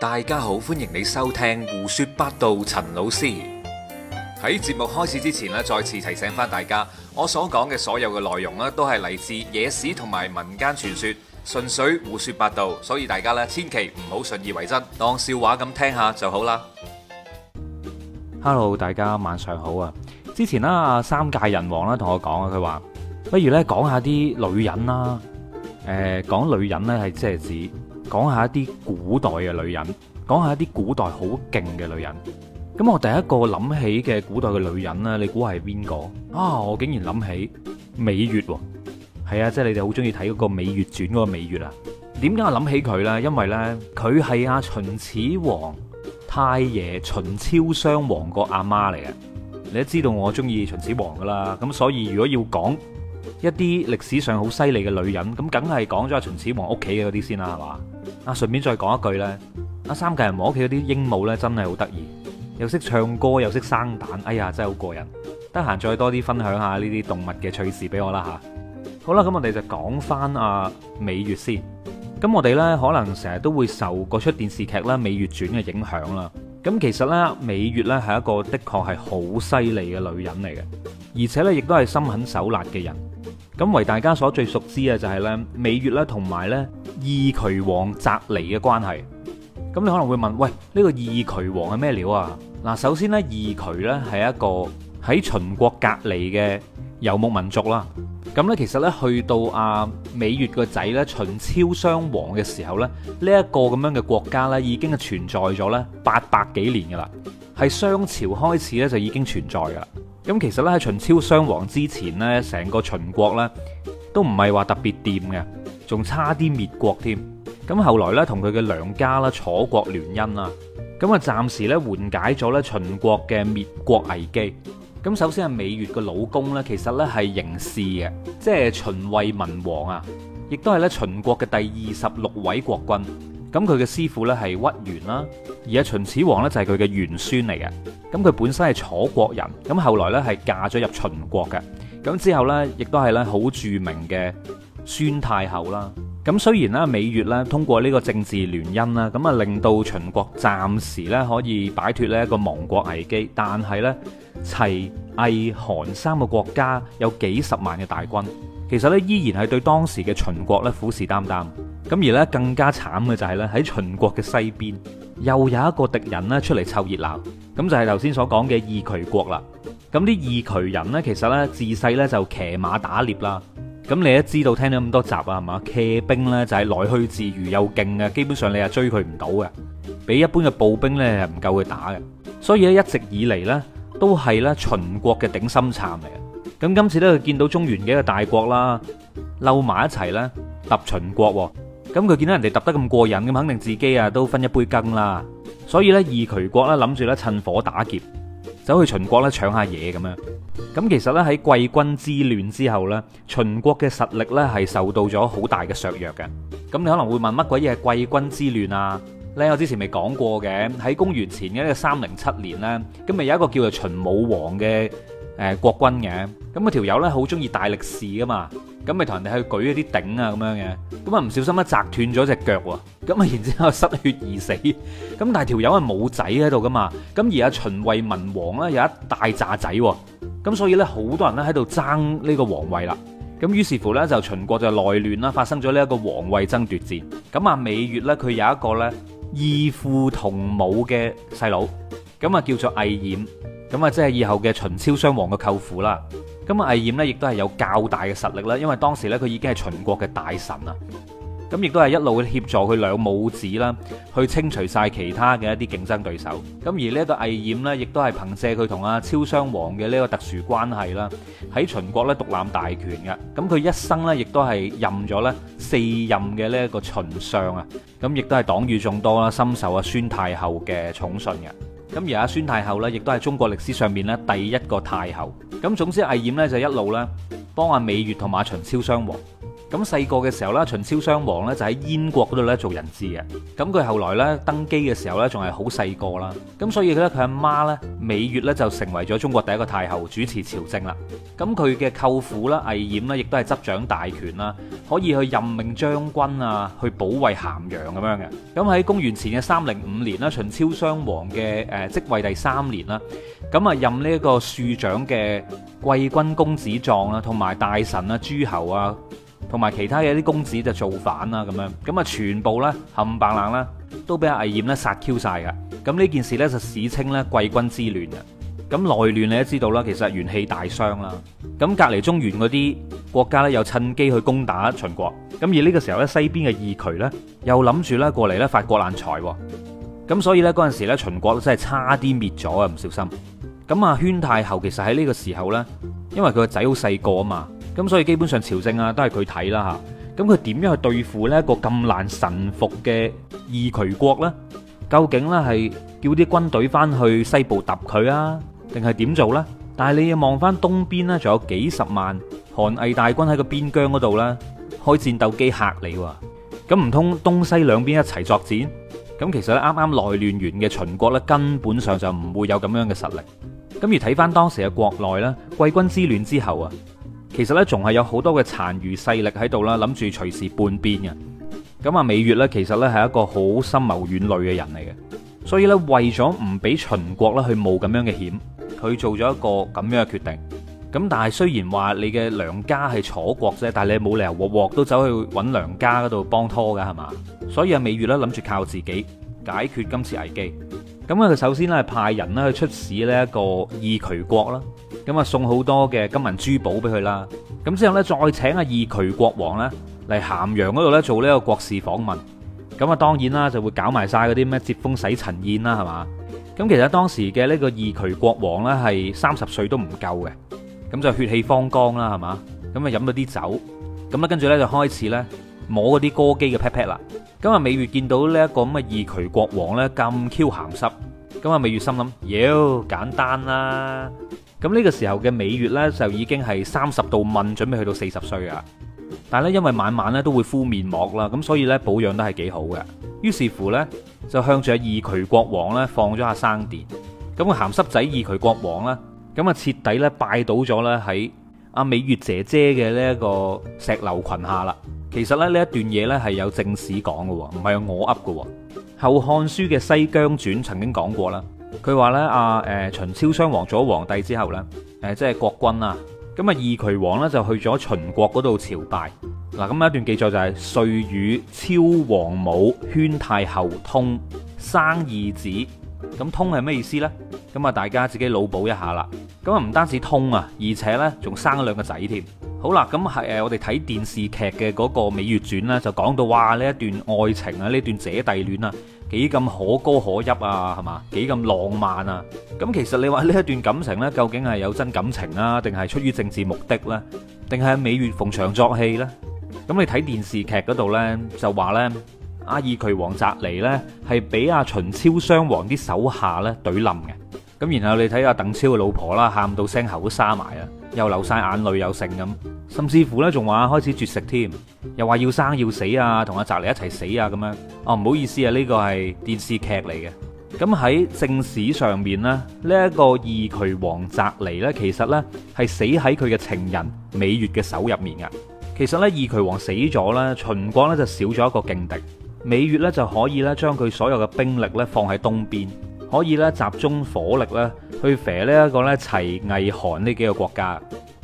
大家好，歡迎你收聽胡說八道。陳老師喺節目開始之前咧，再次提醒翻大家，我所講嘅所有嘅內容咧，都係嚟自野史同埋民間傳說，純粹胡說八道，所以大家咧千祈唔好信以為真，當笑話咁聽下就好啦。Hello，大家晚上好啊！之前啦，啊三界人王啦，同我講啊，佢話不如咧講下啲女人啦，誒、呃，講女人呢係即係指。講下一啲古代嘅女人，講下一啲古代好勁嘅女人。咁我第一個諗起嘅古代嘅女人呢，你估係邊個啊？我竟然諗起羋月喎、哦。係啊，即係你哋好中意睇嗰個《羋月傳》嗰個羋月啊？點解我諗起佢呢？因為呢，佢係阿秦始皇太爺秦昭襄王個阿媽嚟嘅。你都知道我中意秦始皇噶啦，咁所以如果要講一啲歷史上好犀利嘅女人，咁梗係講咗阿秦始皇屋企嘅嗰啲先啦，係嘛？啊，順便再講一句咧，阿三個人母屋企嗰啲鸚鵡咧，真係好得意，又識唱歌，又識生蛋，哎呀，真係好過癮。得閒再多啲分享下呢啲動物嘅趣事俾我啦吓，好啦，咁我哋就講翻阿羋月先。咁我哋咧可能成日都會受嗰出電視劇啦，羋月傳》嘅影響啦。咁其實咧，羋月咧係一個的確係好犀利嘅女人嚟嘅，而且咧亦都係心狠手辣嘅人。咁為大家所最熟知嘅就係呢羋月咧同埋呢義渠王翟驪嘅關係。咁你可能會問，喂，呢、這個義渠王係咩料啊？嗱，首先呢義渠呢係一個喺秦國隔離嘅遊牧民族啦。咁呢，其實呢去到啊羋月個仔呢秦昭襄王嘅時候呢，呢、這、一個咁樣嘅國家呢已經係存在咗呢八百幾年噶啦，係商朝開始呢就已經存在噶。咁其實咧喺秦昭襄王之前咧，成個秦國咧都唔係話特別掂嘅，仲差啲滅國添。咁後來咧同佢嘅娘家啦、楚國聯姻啦，咁啊暫時咧緩解咗咧秦國嘅滅國危機。咁首先係羋月嘅老公咧，其實咧係嬴氏嘅，即係秦惠文王啊，亦都係咧秦國嘅第二十六位國君。咁佢嘅師傅咧係屈原啦，而啊秦始皇咧就係佢嘅元孫嚟嘅。咁佢本身係楚國人，咁後來呢係嫁咗入秦國嘅，咁之後呢，亦都係呢好著名嘅孫太后啦。咁雖然呢，羋月呢通過呢個政治聯姻啦，咁啊令到秦國暫時呢可以擺脫呢一個亡國危機，但係呢，齊、魏、韓三個國家有幾十萬嘅大軍，其實呢依然係對當時嘅秦國呢虎視眈眈。咁而呢，更加慘嘅就係呢喺秦國嘅西邊。又有一個敵人咧出嚟湊熱鬧，咁就係頭先所講嘅義渠國啦。咁啲義渠人呢，其實咧自細呢就騎馬打獵啦。咁你都知道，聽咗咁多集啊，係嘛？騎兵呢就係、是、來去自如又勁嘅，基本上你係追佢唔到嘅，比一般嘅步兵呢係唔夠佢打嘅。所以咧一直以嚟呢都係呢秦國嘅頂心杉嚟嘅。咁今次咧見到中原嘅幾個大國啦，嬲埋一齊呢，揼秦國。咁佢見到人哋揼得咁過癮，咁肯定自己啊都分一杯羹啦。所以呢，義渠國呢諗住咧趁火打劫，走去秦國咧、啊、搶下嘢咁樣。咁其實呢，喺季君之亂之後呢，秦國嘅實力呢係受到咗好大嘅削弱嘅。咁你可能會問乜鬼嘢係季君之亂啊？咧我之前咪講過嘅，喺公元前嘅呢個三零七年呢，咁咪有一個叫做秦武王嘅誒、呃、國君嘅。咁啊！條友咧好中意大力士噶嘛，咁咪同人哋去舉一啲頂啊，咁樣嘅咁啊，唔小心斷一砸斷咗隻腳喎。咁啊，然之後失血而死。咁但係條友係冇仔喺度噶嘛。咁而阿秦惠文王咧有一大揸仔喎。咁所以咧，好多人咧喺度爭呢個皇位啦。咁於是乎咧，就秦國就內亂啦，發生咗呢一個皇位爭奪戰。咁啊，羋月咧佢有一個咧義父同母嘅細佬，咁啊叫做魏冉，咁啊即係以後嘅秦昭襄王嘅舅父啦。咁魏冉呢，亦都係有較大嘅實力啦，因為當時咧，佢已經係秦國嘅大臣啊，咁亦都係一路協助佢兩母子啦，去清除晒其他嘅一啲競爭對手。咁而呢一個魏冉呢，亦都係憑藉佢同阿超商王嘅呢個特殊關係啦，喺秦國咧獨攬大權嘅。咁佢一生呢，亦都係任咗呢四任嘅呢一個秦相啊，咁亦都係黨羽眾多啦，深受啊宣太后嘅寵信嘅。咁而阿孫太后咧，亦都係中國歷史上面咧第一個太后。咁總之，魏冉咧就一路咧幫阿美月同馬長超相和。咁細個嘅時候咧，秦昭襄王咧就喺燕國嗰度咧做人質嘅。咁佢後來咧登基嘅時候咧，仲係好細個啦。咁所以咧，佢阿媽咧，羋月咧就成為咗中國第一個太后，主持朝政啦。咁佢嘅舅父啦、魏冉咧，亦都係執掌大權啦，可以去任命將軍啊，去保衛咸陽咁樣嘅。咁喺公元前嘅三零五年啦，秦昭襄王嘅誒職位第三年啦，咁啊任呢一個庶長嘅貴君公子壯啦，同埋大臣啦、諸侯啊。同埋其他嘅啲公子就造反啦，咁樣咁啊，全部呢，冚唪冷啦，都俾阿危延咧殺 Q 晒 l l 咁呢這這件事呢，就史稱咧貴君之亂嘅。咁內亂你都知道啦，其實元氣大傷啦。咁隔籬中原嗰啲國家呢，又趁機去攻打秦國。咁而呢個時候呢，西邊嘅義渠呢，又諗住呢過嚟呢發國難財喎。咁所以呢，嗰陣時呢，秦國真係差啲滅咗啊！唔小心。咁啊，宣太后其實喺呢個時候呢，因為佢個仔好細個啊嘛。咁所以基本上朝政啊，都係佢睇啦吓，咁佢點樣去對付呢一個咁難臣服嘅義渠國咧？究竟咧，係叫啲軍隊翻去西部揼佢啊，定係點做咧？但係你又望翻東邊咧、啊，仲有幾十萬韓魏大軍喺個邊疆嗰度咧，開戰鬥機吓你喎、啊。咁唔通東西兩邊一齊作戰。咁、啊、其實咧，啱啱內亂完嘅秦國咧，根本上就唔會有咁樣嘅實力。咁、啊、而睇翻當時嘅國內咧，季君之亂之後啊。其實咧，仲係有好多嘅殘餘勢力喺度啦，諗住隨時叛變嘅。咁啊，羋月呢，其實呢係一個好深謀遠慮嘅人嚟嘅。所以呢，為咗唔俾秦國咧去冒咁樣嘅險，佢做咗一個咁樣嘅決定。咁但係雖然話你嘅娘家係楚國啫，但係你冇理由鑊鑊都走去搵娘家嗰度幫拖噶係嘛？所以啊，羋月呢，諗住靠自己解決今次危機。咁啊，佢首先咧，派人咧去出使呢一個義渠國啦。咁啊，送好多嘅金銀珠寶俾佢啦，咁之後咧再請阿義渠國王咧嚟咸陽嗰度咧做呢一個國事訪問，咁啊當然啦就會搞埋晒嗰啲咩接風洗塵宴啦係嘛，咁其實當時嘅呢個義渠國王咧係三十歲都唔夠嘅，咁就血氣方剛啦係嘛，咁啊飲咗啲酒，咁咧跟住咧就開始咧摸嗰啲歌姬嘅 pat pat 啦，咁啊羋月見到呢一個咁嘅義渠國王咧咁 Q 鹹濕，咁啊羋月心諗妖簡單啦。咁呢個時候嘅羋月呢，就已經係三十度蚊準備去到四十歲㗎。但係咧因為晚晚咧都會敷面膜啦，咁所以呢，保養得係幾好嘅。於是乎呢，就向住義渠國王呢放咗下生電，咁個鹹濕仔義渠國王呢，咁啊徹底呢，拜倒咗咧喺阿羋月姐姐嘅呢一個石榴裙下啦。其實咧呢一段嘢呢係有正史講嘅喎，唔係我噏嘅喎，《後漢書》嘅西羌傳曾經講過啦。佢話咧阿，誒秦昭襄王做咗皇帝之後咧，誒即係國君啊，咁啊義渠王咧就去咗秦國嗰度朝拜。嗱，咁一段記載就係遂與昭王母宣太后通，生二子。咁通係咩意思呢？咁啊大家自己腦補一下啦。咁啊唔單止通啊，而且呢，仲生咗兩個仔添。好啦，咁係誒，我哋睇電視劇嘅嗰個《羋月傳》啦，就講到哇呢一段愛情啊，呢段姐弟戀啊，幾咁可歌可泣啊，係嘛，幾咁浪漫啊！咁其實你話呢一段感情咧，究竟係有真感情啦，定係出於政治目的咧，定係羋月逢場作戲咧？咁你睇電視劇嗰度咧，就話咧，阿義渠王澤離咧係俾阿秦昭襄王啲手下咧懟冧嘅。咁然後你睇下鄧超嘅老婆啦，喊到聲喉都沙埋啦，又流曬眼淚又剩咁，甚至乎咧仲話開始絕食添，又話要生要死啊，同阿澤離一齊死啊咁樣。哦，唔好意思啊，呢個係電視劇嚟嘅。咁喺正史上面咧，呢一個義渠王澤離咧，其實咧係死喺佢嘅情人羋月嘅手入面啊。其實咧義渠王死咗咧，秦國咧就少咗一個勁敵，羋月咧就可以咧將佢所有嘅兵力咧放喺東邊。可以咧集中火力咧去肥呢一個咧齊魏韓呢幾個國家。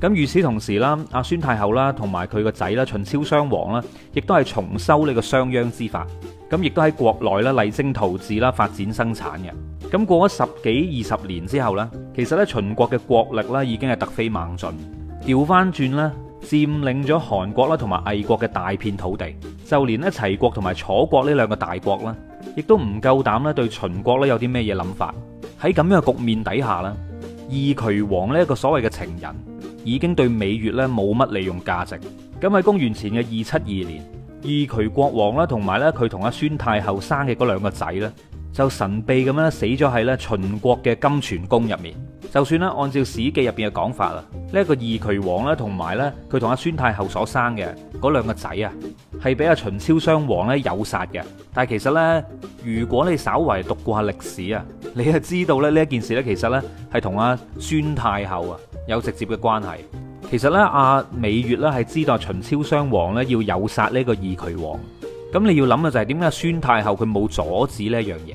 咁與此同時啦，阿宣太后啦同埋佢個仔啦秦昭襄王啦，亦都係重修呢個商鞅之法。咁亦都喺國內啦勵精圖治啦發展生產嘅。咁過咗十幾二十年之後咧，其實咧秦國嘅國力咧已經係突飛猛進，調翻轉咧佔領咗韓國啦同埋魏國嘅大片土地，就連咧齊國同埋楚國呢兩個大國啦，亦都唔夠膽啦，對秦國咧有啲咩嘢諗法？喺咁樣嘅局面底下呢，義渠王呢一個所謂嘅情人，已經對羋月呢冇乜利用價值。咁喺公元前嘅二七二年，義渠國王啦，同埋咧佢同阿宣太后生嘅嗰兩個仔呢。就神秘咁樣死咗喺咧秦國嘅金泉宮入面。就算咧按照《史記》入邊嘅講法啦，呢一個義渠王咧同埋咧佢同阿孫太后所生嘅嗰兩個仔啊，係俾阿秦昭襄王咧誘殺嘅。但係其實咧，如果你稍為讀過下歷史啊，你係知道咧呢一件事咧其實咧係同阿孫太后啊有直接嘅關係。其實咧阿羋月咧係知道秦昭襄王咧要誘殺呢個義渠王，咁你要諗嘅就係點解宣太后佢冇阻止呢一樣嘢，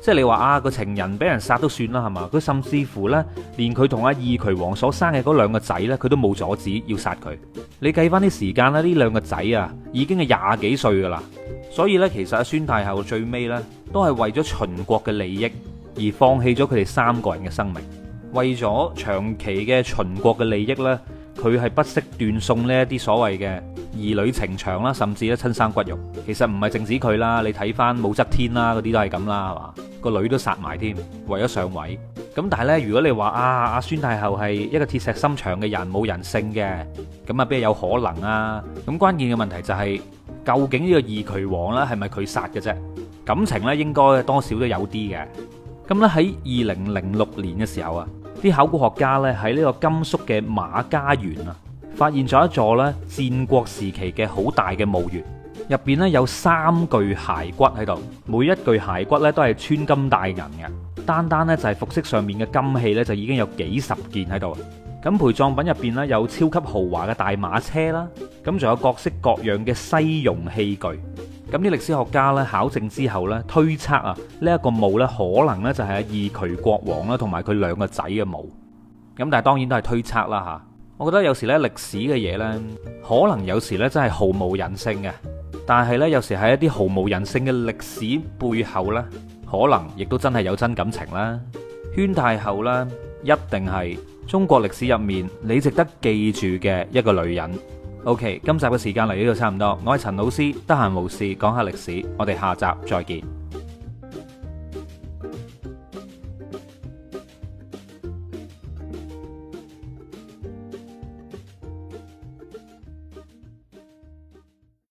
即係你話啊個情人俾人殺都算啦係嘛，佢甚至乎呢，連佢同阿義渠王所生嘅嗰兩個仔呢，佢都冇阻止要殺佢。你計翻啲時間啦，呢兩個仔啊已經係廿幾歲噶啦，所以呢，其實阿宣太后最尾呢，都係為咗秦國嘅利益而放棄咗佢哋三個人嘅生命，為咗長期嘅秦國嘅利益呢。佢係不惜斷送呢一啲所謂嘅兒女情長啦，甚至咧，親生骨肉，其實唔係淨止佢啦，你睇翻武則天啦，嗰啲都係咁啦，係嘛？個女都殺埋添，為咗上位。咁但係呢，如果你話啊，阿孫太后係一個鐵石心腸嘅人，冇人性嘅，咁啊，邊有可能啊？咁關鍵嘅問題就係、是，究竟呢個義渠王呢係咪佢殺嘅啫？感情呢應該多少都有啲嘅。咁咧喺二零零六年嘅時候啊。啲考古學家咧喺呢個甘肅嘅馬家塬啊，發現咗一座咧戰國時期嘅好大嘅墓穴。入邊咧有三具骸骨喺度，每一具骸骨咧都係穿金戴銀嘅，單單咧就係服飾上面嘅金器咧就已經有幾十件喺度。咁陪葬品入邊咧有超級豪華嘅大馬車啦，咁仲有各式各樣嘅西戎器具。咁啲歷史學家咧考證之後咧推測啊，呢一個墓咧可能咧就係義渠國王啦，同埋佢兩個仔嘅墓。咁但係當然都係推測啦嚇。我覺得有時咧歷史嘅嘢咧，可能有時咧真係毫無人性嘅。但係咧有時喺一啲毫無人性嘅歷史背後咧，可能亦都真係有真感情啦。宣太后啦，一定係中國歷史入面你值得記住嘅一個女人。O.K. 今集嘅時間嚟呢度差唔多，我係陳老師，得閒無事講下歷史，我哋下集再見。